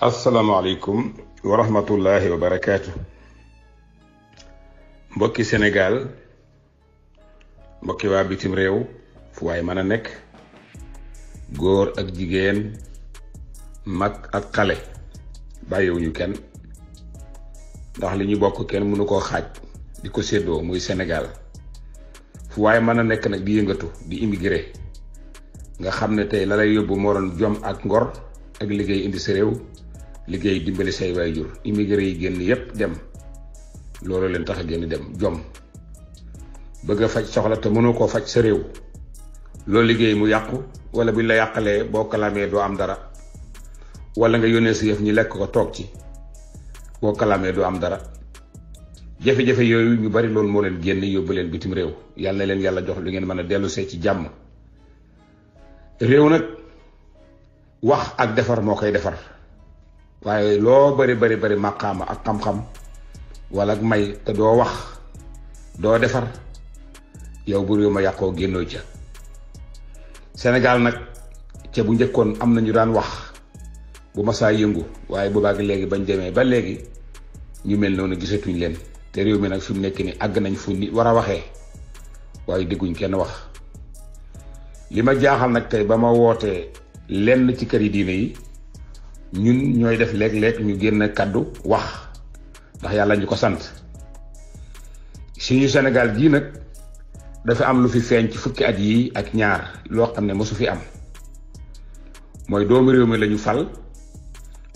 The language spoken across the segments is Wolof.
asalaamaaleykum wa rahmatullahi wa mbokki Sénégal mbokki waa bitim réew fu waay mën a nekk góor ak jigéen mag ak xale bàyyiwuñu kenn ndax li ñuy bokk kenn mënu koo xaaj di ko séddoo muy Sénégal fu waay mën a nekk nag di yëngatu di immigré nga xam ne tey la yóbbu moo jom ak ngor ak liggéey indi sa réew liggéey dimbali say jur immigré yi génn yépp dem loolu leen tax a génn dem jom bëgg a faj soxla te mënoo koo faj sa réew loo liggéey mu yàqu wala buñ la yàqalee boo kalamee doo am dara wala nga yónnee yëf ñi lekk ko toog ci boo amdara. doo am dara jafe-jafe yooyu ñu bari loolu moo leen génn yóbbu leen bitim réew yàlla leen yàlla jox lu ngeen mën a dellu see ci jàmm réew nag wax ak defar moo koy defar waaye loo bari bari bari maqaama ak xam-xam wala ak may te doo wax doo defar yow bu réew ma yàqoo génnoo ca Sénégal nag ca bu njëkkoon am na ñu daan wax bu saa yëngu waaye boobaag léegi bañ demee ba léegi ñu mel noonu gisatuñ leen te réew mi nag fi mu nekk ni àgg nañ fu nit war a waxee waaye digguñ kenn wax li ma jaaxal nag tey ba ma wootee lenn ci kër yi diine yi ñun ñooy def léeg-léeg ñu génn kàddu wax ndax yàlla ñu ko sant suñu Sénégal gii nag dafa am lu fi feeñ ci fukki at yii ak ñaar loo xam ne mosu fi am mooy doomu réew mi la ñu fal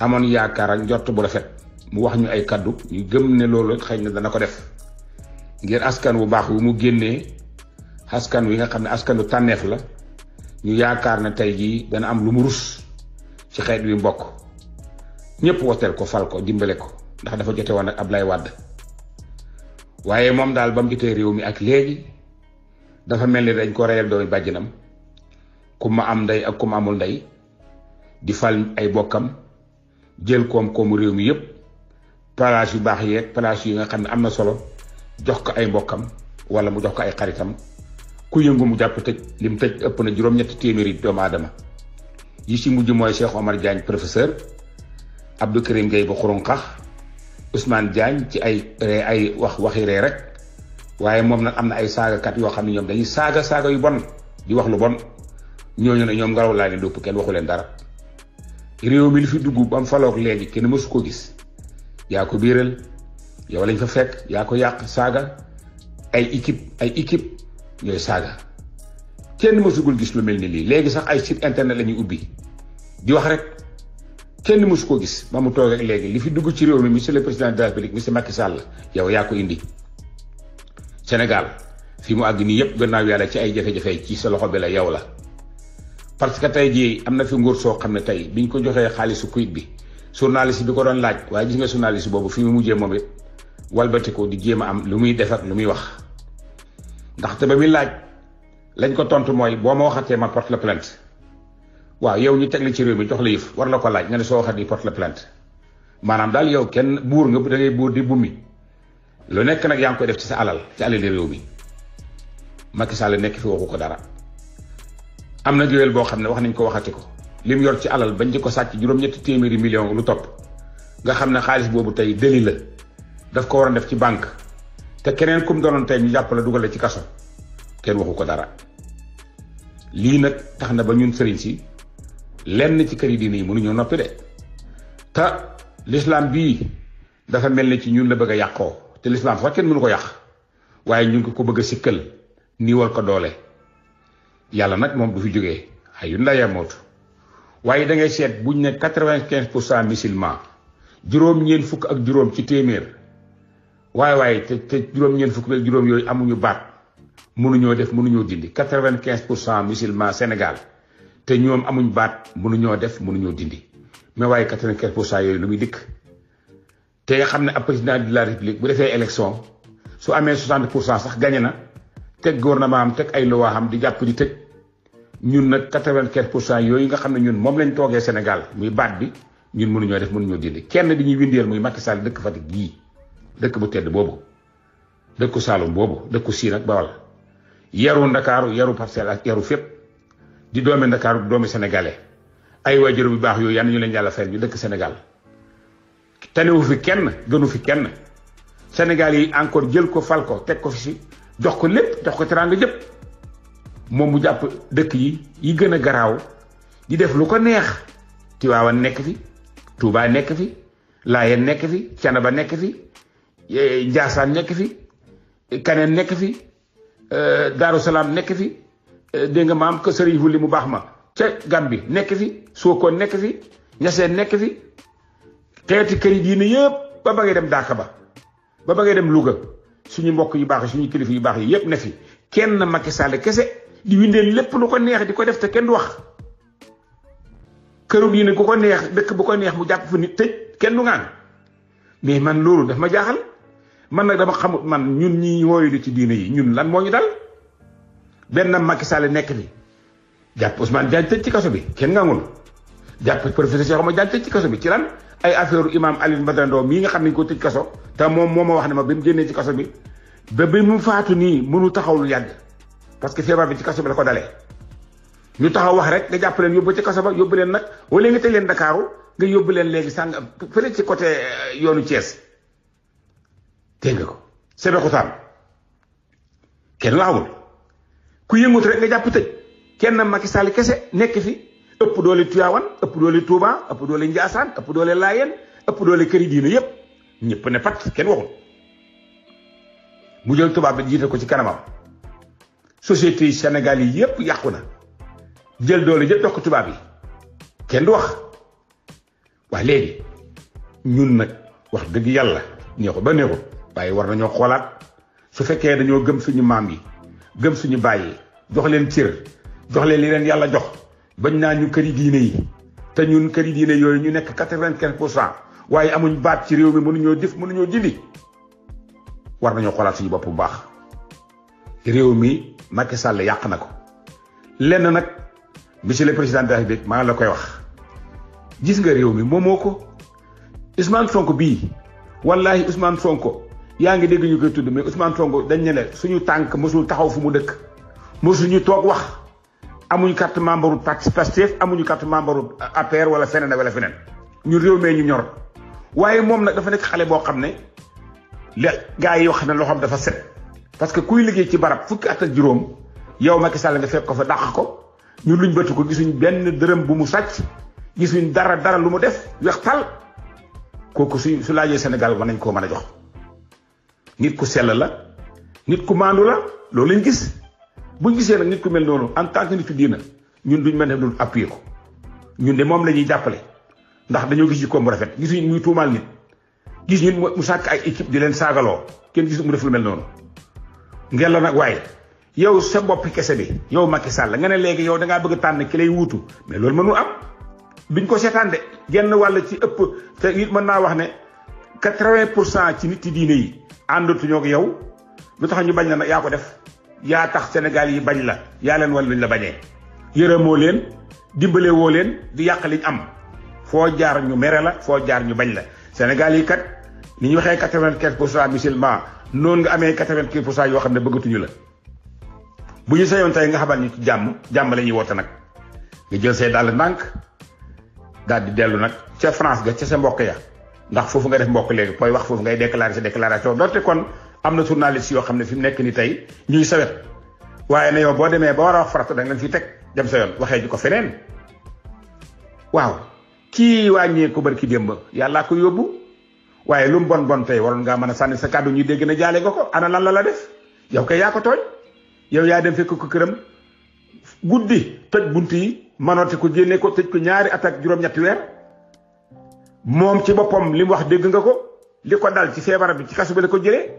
amoon yaakaar ak njort bu rafet mu wax ñu ay kàddu ñu gëm ne loolu xëy na dana ko def ngir askan wu baax wu mu génnee askan wi nga xam ne askanu wu tànneef la ñu yaakaar ne tey jii dana am lu mu rus ci xeet wi mbokk ñépp woteel ko fal ko dimbale ko ndax dafa jote woon ak Ablaye wàdd waaye moom daal ba mu jotee réew mi ak léegi dafa mel ni dañ ko reyal doomi bàjjinam kum ma am ndey ak ku amul ndey di fal ay bokkam jël koom-koomu réew mi yépp place yu baax yeeg place yi nga xam ne am na solo jox ko ay mbokkam wala mu jox ko ay xaritam ku yëngu mu jàpp tëj lim tëj ëpp na juróom-ñetti téeméeri doomu aadama yi ci mujj mooy Cheikh Omar Diagne professeur. Abdou Karim Gueye bu xurunqax Ousmane Diagne ci ay ay wax waxi ree rek waaye moom nag am na ay saagakat yoo xam ne ñoom dañuy saaga saaga yu bon di wax lu bon ñooñu ne ñoom ngelaw laa leen dëpp kenn waxu leen dara réew mi fi dugg ba mu faloog léegi mësu ko gis yaa ko biiral yow lañ fa fekk yaa ko yàq saaga ay équipe ay équipe ñooy saaga kenn mësugul gis lu mel ni lii sax ay site internet la ñuy di wax rek. kenn mësu ko gis ba mu toog ak léegi li fi dugg ci réew mi monsieur le président de la république monsieur Macky Sall yow yaa ko indi Sénégal fi mu àgg nii yëpp gannaaw yàlla ci ay jafe-jafe ci sa loxo bi la yow la parce que tey jii am na fi nguur soo xam ne tey biñ ko joxee xaalisu kayit bi su journaliste bi ko doon laaj waaye gis nga journaliste boobu fi mu mujjee moom it walbatiku di jéem a am lu muy defar lu muy wax ndaxte ba muy laaj lañ ko tontu mooy boo ma waxatee ma porte la plainte waaw yow ñu teg la ci réew mi jox la yëf war la ko laaj nga ne soo waxat porte la plainte maanaam daal yow kenn buur nga da ngay buur di bumi lu nekk nag yaa ngi koy def ci sa alal ci alali réew mi Macky Sall nekk fi waxu ko dara am na géwél boo xam ne wax nañ ko waxati ko lim yor ci alal bañ di ko sàcc juróom-ñetti téeméeri million lu topp nga xam ne xaalis boobu tey deli la daf ko war a def ci banque te keneen kum doonoon tey ñu jàpp la dugal ci kaso kenn waxu ko dara lii nag tax na ba ñun sëriñ si lenn ci kër yi diine yi mënuñoo noppi de te l'islam bii dafa mel ne ci ñun la bëgg a yàqoo te l'islam sax kenn mënu ko yàq waaye ñu ngi ko bëgg a sikkal war ko doole yàlla nag moom du fi jógee hayyun laa yamuutu waaye da ngay bu buñ ne quatre-vingt-quinze pour cent musulman juróom-ñeent fukk ak juróom ci téeméer waaye waaye te te juróom-ñeent fukk ak juróom yooyu amuñu baat mënuñoo def mënuñoo dindi quatre-vingt-quinze pour cent musulman Sénégal. te ñoom amuñ baat mënuñoo def mënuñoo dindi mais waaye quatre-vingt-quinze pour cent yooyu lu muy dikk te nga xam ne ab président de la république bu defee élection su amee soixante pour cent sax gañe na teg gouvernement am teg ay loi am di jàpp di tëj ñun nag quatre-vingt-quinze pour cent yooyu nga xam ne ñun moom lañ toogee Sénégal muy baat bi ñun mënuñoo def mënuñoo dindi kenn di ñuy windeel muy Macky Sall dëkk Fatick gii dëkk bu tedd boobu dëkku Saloum boobu dëkku Siin ak Bawol yaru Ndakaaru yaru Parcelles ak fépp di doomi Ndakaaru doomi sénégalais ay waajur bu baax yooyu yan ñu leen yàlla fay ñu dëkk Sénégal tanewu fi kenn gënu fi kenn Sénégal yi encore jël ko fal ko teg ko fi si jox ko lépp jox ko teranga jëpp moom mu jàpp dëkk yi yi gën a garaaw di def lu ko neex Tiwaawan nekk fi Touba nekk fi Laayeen nekk fi Canaba nekk fi eh, Njaasaan nekk fi kanen nekk fi eh, daru Salaam nekk fi Eh, dégg nga maam ko sëriñ wulli mu baax ma ca Gàmbi nekk fi Sokone nekk fi Ñaseen nekk fi xeeti kër yi diine yëpp ba ba dem Daaka ba ba ba ngay dem Louga suñu mbokk yu baax yi suñu kilifa yu baax yi yëpp ne fi kenn Macky Sall kese di windeen lépp lu ko neex di ko def te kenn du wax këru diine ku ko neex dëkk bu ko neex mu jàpp fa nit tëj kenn du ngaan mais man loolu daf ma jaaxal man nag dama xamut man ñun ñi wooyu ci diine yi ñun lan moo ñu dal benn Macky Sall nekk fi jàpp Ousmane Diagne tëj ci kaso bi kenn ngangul jàpp professeur Cheikh Oumar tëj ci kaso bi ci lan ay affaire imam Alioune Badara Ndao mii nga xam ne ko tëj kaso te moom moo ma wax ne ma bi mu génnee ci kaso bi ba bi mu faatu nii mënu taxaw lu yàgg parce que feebar bi ci kaso bi la ko dalee ñu taxaw wax rek nga jàpp leen yóbbu ci kaso ba yóbbu leen nag wala nga te leen Ndakaaru nga yóbbu leen léegi sàng fële ci côté euh, yoonu cees dégg nga ko Sébikotane kenn waxagul ku yëngut rek nga jàpp tëj kenn Macky Sall kese nekk fi ëpp doole Tivaouane ëpp doole Touba ëpp doole Ndiassane ëpp doole Layène ëpp doole këri diine yépp ñëpp ne pat kenn waxul mu jël tubaab bi jiite ko ci kanamam société yi yi yépp yàqu na jël doole jëpp jox ko tubaab yi kenn du wax waaye léegi ñun nag wax dëgg yàlla neexu ba neexu waaye war nañoo xoolaat su fekkee dañoo gëm suñu maam yi gëm suñu bàyyi jox leen cër jox leen li leen yàlla jox bañ naa ñu kër yi diine yi te ñun kër këri diine yooyu ñu nekk quatre-vingt-quinze pour cent waaye amuñ baat ci réew mi mënuñoo jëf mënuñoo jindi war nañoo xoolaat suñu bopp bu baax réew mi Macky Sall yàq na ko lenn nag monsieur le président de maa ngi la koy wax gis nga réew mi moomoo ko ismaan Sonko bii wallahi Ousmane Sonko yaa ngi dégg ñu koy tudd mais Ousmane Sonko dañ ne la suñu tànk mosul taxaw fu mu dëkk mosul ñu toog wax amuñu carte membre parti Pastef amuñu carte membre APR wala feneen wala feneen ñu réew mee ñu ñor waaye moom nag dafa nekk xale boo xam ne la gars yi wax ne loxoom dafa set parce que kuy liggéey ci barab fukki at ak juróom yow Macky Sall nga fekk ko fa dàq ko ñu luñ bëtu ko gisuñu benn dërëm bu mu sàcc gisuñ dara dara lu mu def weex ta kooku su su laajee Sénégal war nañ koo mën a jox. nit ku sell la nit ku maandu la loolu lañ gis buñ gisee nag nit ku mel noonu en tant que nitu diina ñun duñ mën a dul appuyer ko ñun de moom la ñuy jàppale ndax dañoo gis jikkoom bu rafet gisuñ muy tuumaal nit gis ñun mu sàkk équipe di leen saagaloo kenn gis mu def lu mel noonu ngel la waaye yow sa bopp kese bi yow Macky Sall nga ne léegi yow da ngaa bëgg tànn ki lay wuutu mais loolu mënu am duñ ko seetaan de genn wàll ci ëpp te it mën naa wax ne quatre-vingt pour cent ci nit yi diine yi àndatuñoo ak yow lu tax ñu bañ la nag yaa ko def yaa tax Sénégal yi bañ la yaa leen wal nañ la bañee yërëmoo leen dimbale woo leen di yàq liñ am foo jaar ñu mere la foo jaar ñu bañ la Sénégal yi kat ni ñu waxee quatre-vingt-quinze pour cent musulman noonu nga amee quatre yoo xam ne bëggatuñu la bu ñu seyoon tey nga xamal ñu jàmm jàmm la woote nag nga jël say dàll ndànk daal di dellu nag ca France ga ca sa mbokk ya ndax foofu nga def mbokk léegi booy wax foofu ngay déclarer sa déclaration doonte kon am na journaliste yoo xam ne fi mu nekk ni tey ñuy sawet waaye na yow boo demee ba war a wax farata da nga leen teg dem sa yoon waxee ji ko feneen waaw kii wàññee ko barki démb yàllaa ko yóbbu waaye lu mu bon bon tey waroon ngaa mën a sànni sa kàddu ñuy dégg na jaale nga ko ana lan la la def yow kay yaa ko tooñ yow yaa dem fekk ko këram guddi toj bunt yi manooti ko génne ko tëj ko ñaari at ak juróom moom ci boppam li mu wax dégg nga ko li ko dal ci feebar bi ci kasu bi la ko jëlee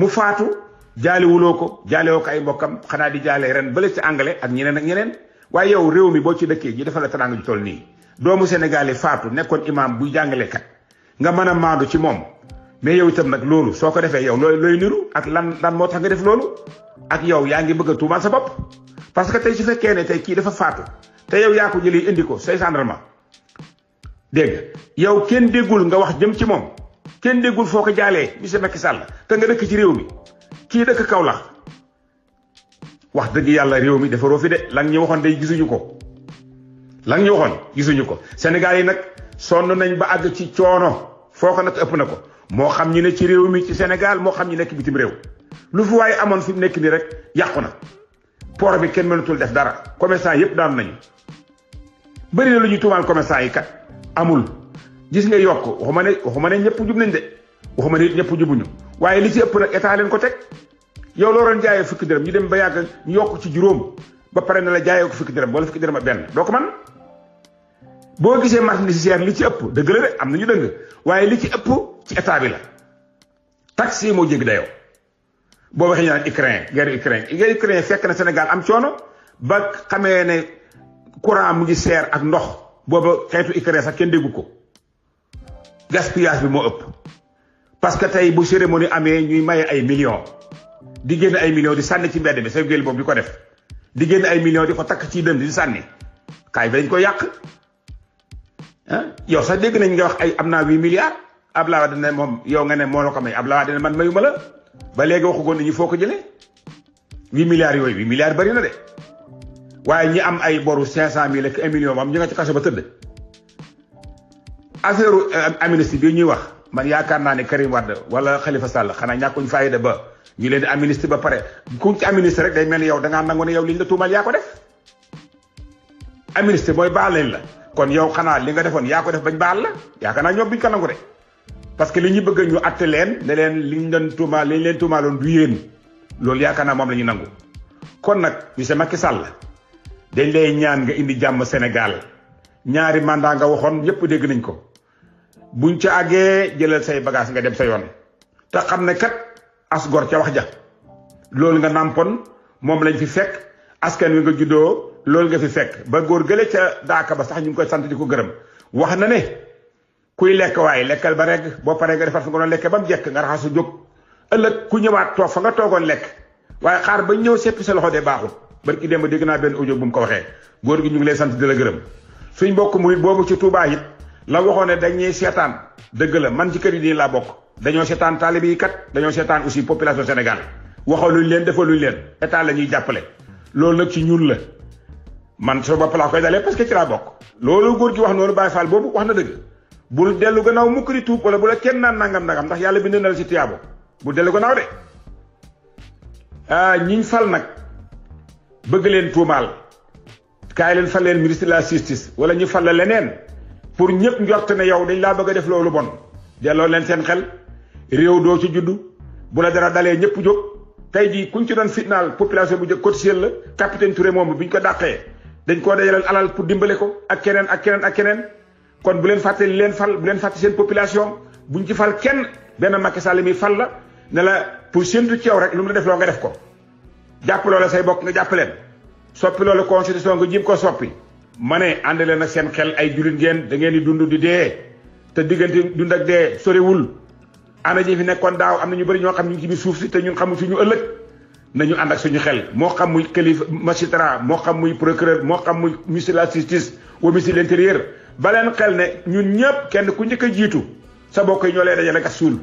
mu faatu jaaliwuloo ko jaalewoo ko ay mbokkam xanaa di jaale ren bële ci anglais ak ñeneen ak ñeneen waaye yow réew mi boo ci dëkkee ji dafa la teraanga ju toll nii doomu Sénégal faatu nekkoon imaam buy ka nga mën a maandu ci moom mais yow itam nag loolu soo ko defee yow looy looy niru ak lan lan moo tax nga def loolu ak yow yaa ngi bëgg a tuumaal sa bopp parce que tey su tey kii dafa faatu te yow yaa indi ko say gendarme dégg yow kenn déggul nga wax jëm ci moom kenn déggul foo ko jaalee monsieur Macky Sall te nga dëkk ci réew mi kii dëkk Kaolack wax dëgg yàlla réew mi defaroo fi de lan ñu waxoon day gisuñu ko lan ñu gisuñu ko Sénégal yi nag sonn nañ ba àgg ci coono foo ko nag ëpp na ko moo xam ñi ne ci réew mi ci Sénégal moo xam ñu nekk bitim réew lu fi waaye amoon fi mu nekk nii rek yàqu na port bi kenn mënatul def dara commerçant yëpp daan nañu bëri na lu ñu tuumaal commerçant yi kat. amul gis nga yokk waxuma ne waxuma ne ñëpp jub nañ de waxuma ne it ñëpp jubuñu waaye li ci ëpp nag état leen ko teg yow loo doon jaayee fukki dërëm ñu dem ba yàgg ñu yokk ci juróom ba pare na la jaayee ko fukki dërëm wala fukki dërëm ak benn doo ko man boo gisee marchandise cher li ci ëpp dëgg la de am na ñu dëng waaye li ci ëpp ci état bi la taxe yi moo jéggi dayoo boo waxee ñu naan Ukraine guerre Ukraine guerre Ukraine fekk na Sénégal am coono ba xamee ne courant mu ngi seer ak ndox. booba xeetu ICRA sax kenn déggu ko gaspillage bi moo ëpp parce que tey bu cérémonie amee ñuy maye ay millions di génn ay millions di sànni ci mbedd bi sa géel boobu di ko def di génn ay million di ko takk ci dënd di sànni kaay bi dañ koy yàq ah yow sax dégg nañ nga wax ay am naa huit milliards Abdoulaye Wade ne moom yow nga ne moo la ko may Abdoulaye Wade ne man mayuma la ba léegi waxu ko nit ñi foo ko jëlee huit milliards yooyu huit milliards bari na de. waaye ñi am ay boru cinq cent mille ak un million moom ñu nga ci kaso ba tëdd affaire euh, amnistie bi ñuy wax man yaakaar naa ne Karim Wade wala Khalifa Sall xanaa ñàkkuñ fayda ba ñu leen di ba pare kuñ ci amnistie rek day mel ni yow da ngaa nangu ne yow liñ la tuumal yaa ko def amnistie mooy baal leen la kon yow xanaa li nga defoon yaa ko def bañ baal la yaakaar naa ñoom buñ ko nangu de parce que li ñu bëgg ñu atte leen ne leen liñ doon tuumaal liñ leen tuumaaloon du yéen loolu yaakaar naa moom la ñu nangu kon nag monsieur Macky Sall dañ lay ñaan nga indi jàmm Sénégal ñaari mandat nga waxoon yépp dégg nañ ko buñ ca àggee jëlal say bagage nga dem sa yoon te xam ne kat as gor ca wax ja loolu nga nampon moom lañ fi fekk askan wi nga juddoo loolu nga fi fekk ba góor gële ca daaka ba sax ñu koy sant di ko gërëm wax na ne kuy lekk waaye lekkal ba reg boo paree nga defar fa nga doon lekke ba mu jekk nga raxasu jóg ëllëg ku ñëwaat toog fa nga toogoon lekk waaye xaar ba ñëw seppi sa loxo de baaxul barki démb dégg naa benn audio bu mu ko waxee góor gi ñu ngi lay sant di la gërëm suñ bokk murit boobu ci Touba it la waxoon ne dañuy seetaan dëgg la man ci kër yi nii laa bokk dañoo seetaan taalibe yi kat dañoo seetaan aussi population Sénégal waxaluñ leen defaluñ leen état la ñuy jàppale loolu nag ci ñun la man soo bopp laa koy dalee parce que ci laa bokk loolu góor gi wax noonu Baye Fall boobu wax na dëgg bul dellu gannaaw mukk di tuub wala bu la kenn naan nangam nangam ndax yàlla bind na la ci tiyaabo bu dellu gannaaw de ah ñiñ fal nag bëgg leen tuumaal kaay leen fal leen ministre de la justice wala ñu fal la leneen pour ñëpp njort ne yow dañ laa bëgg a def loolu bon delloo leen seen xel réew doo ci juddu bu la dara dalee ñëpp jóg tey jii kuñ ci doon fitnaal population bu jëkk cotisel la capitaine Touré moom bi ñu ko dàqee dañ koo dajaleel alal pour dimbale ko ak keneen ak keneen ak keneen kon bu leen fàtte leen fal bu leen fàtte seen population buñ ci fal kenn benn Macky Sall mi fal la ne la pour séntu ci yow rek lu mu la def loo def ko jàpp loola say bokk nga jàpp leen soppi loola constitution nga jib ko soppi ma ne ànd na seen xel ay jullit ngeen da ngeen di dund di dee te diggante dund ak dee sorewul ana ji fi nekkoon daaw am na ñu bëri ñoo xam ñu ngi ci suuf si te ñun xamu suñu ëllëg nañu ànd ak suñu xel moo xam muy calife magistrat moo xam muy procureur moo xam muy ministre de la justice ou ministre de l'intérieur ba leen xel ne ñun ñëpp kenn ku njëkk a jiitu sa bokk yi ñoo lay gas suul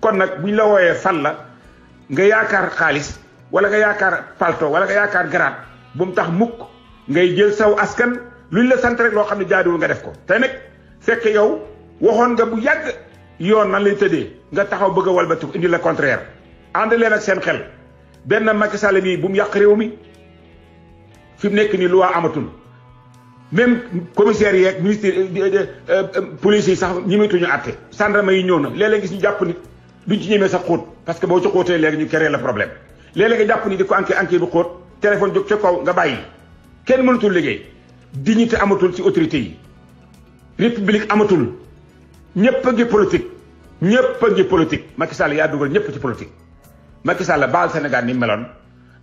kon nag buñ la wooyee fan la nga yaakaar xaalis wala nga yaakaar palto wala nga yaakaar garaat bu mu tax mukk ngay jël saw askan luñ la sant rek loo xam ne jaaduwul nga def ko te nag fekk yow waxoon nga bu yàgg yoon nan lay tëddee nga taxaw bëgg a walbatiku indi la contraire ànd leen ak seen xel benn Macky Sall mii bu mu yàq réew mi fi mu nekk nii waa amatul même commissaire yeeg ministre euh, euh, euh, police yi sax ñimetuñu àtte sàndarma yi ñëw na léeg-léeg jàpp ñu jàpp nit duñ ci ñemee sa xóot parce que boo ci xóotee ñu créé le problème léeg nga jàpp ni di ko enquête enquête bu xóot téléphone jóg ca kaw nga bàyyi kenn mënatul liggéey dignité amatul ci autorité yi république amatul ñëpp a ngi politique ñëpp a ngi politique Macky Sall yaa dugal ñëpp ci politique Macky Sall baal Sénégal ni meloon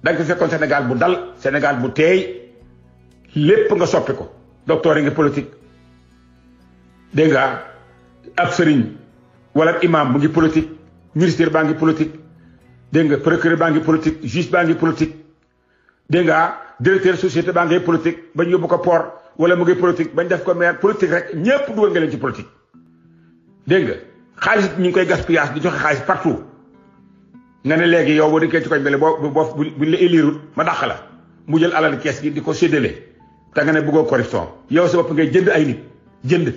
da nga ko fekkoon Sénégal bu dal Sénégal bu teey lépp nga soppi ko docteur yi nga politique dégg nga ab sëriñ wala imam mu ngi politique ministère baa ngi politique dégg nga procureur baa ngi politique juge baa ngi politique dégg nga directeur société baa ngay politique bañ yóbbu ko poor wala mu ngi politique bañ def ko maire politique rek ñëpp dugal nga leen ci politique. dégg nga xaalis ñu ngi koy gaspillage di joxe xaalis partout nga ne léegi yow boo déggee ci koñ bi boo boo buñ la élirul ma dàq la mu jël alal kees gi di ko séddale te nga ne bëggoo corruption yow si bopp ngay jënd ay nit jënd.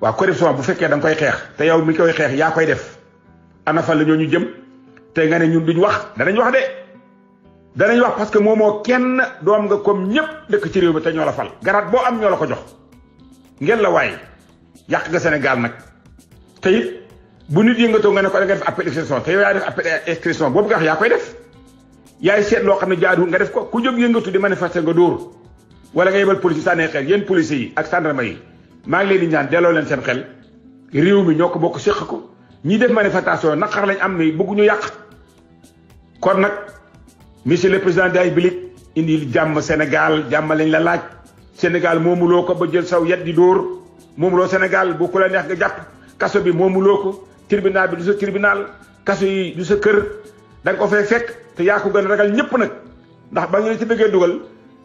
waaw corruption bu fekkee da nga koy xeex te yow mi koy xeex yaa koy def ana fan la ñoo ñu jëm. te nga ne ñun duñ wax danañ wax de danañ wax parce que moomoo kenn doom nga comme ñëpp dëkk ci réew mi te ñoo la fal garaat boo am ñoo la ko jox ngeen la waay yàq nga sénégal nag te it bu nit yëngatoo nga ne ko da nga def appel expression te yow yaa def appel expression boobu nga wax yaa koy def yaay seet loo xam ne jaadu nga def ko ku jóg yëngatu di manifester nga dóor wala nga yebal police sànnee xel yéen police yi ak gendarme yi maa ngi leen di ñaan delloo leen seen xel réew mi ñoo ko bokk séq ko ñi def manifestation naqar lañ am mais bëggu ñu yàq kon nak monsieur le président day bilik indi jam Senegal jam lañ la laaj senegal moomuloo ko ba jël saw yedd di door moomuloo senegal bu ko la neex nga japp kasso bi moomuloo ko tribunal bi du tribunal kasso yi du sa kër da nga ko fay fekk te ya ko gën ragal ñepp nak ndax ba nga ci bëgge dugal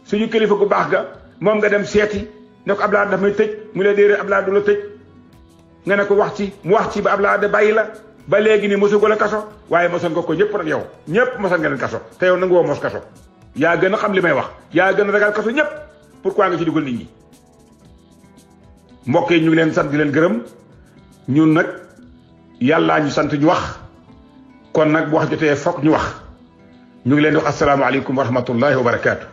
suñu kilifa gu bax ga mom nga dem séti ne abdallah ablaad daf may tëj mu le déere abdallah du la tejj nga ne ko wax ci mu wax ci ba abdallah bàyyi ba léegi nii mosu ko la kaso waaye mosoon nga ko ñëpp nag yow ñëpp mosoon nga leen kaso te yow nangu woo mos kaso yaa gën a xam li may wax yaa gën a ragal kaso ñëpp pourquoi nga ci dugal nit ñi mbokk ñu ngi leen sant di leen gërëm ñun nag yàllaa ñu sant ñu wax kon nag bu wax jotee fokk ñu wax ñu ngi leen di wax asalaamaaleykum wa rahmatullahi wa barakaatu.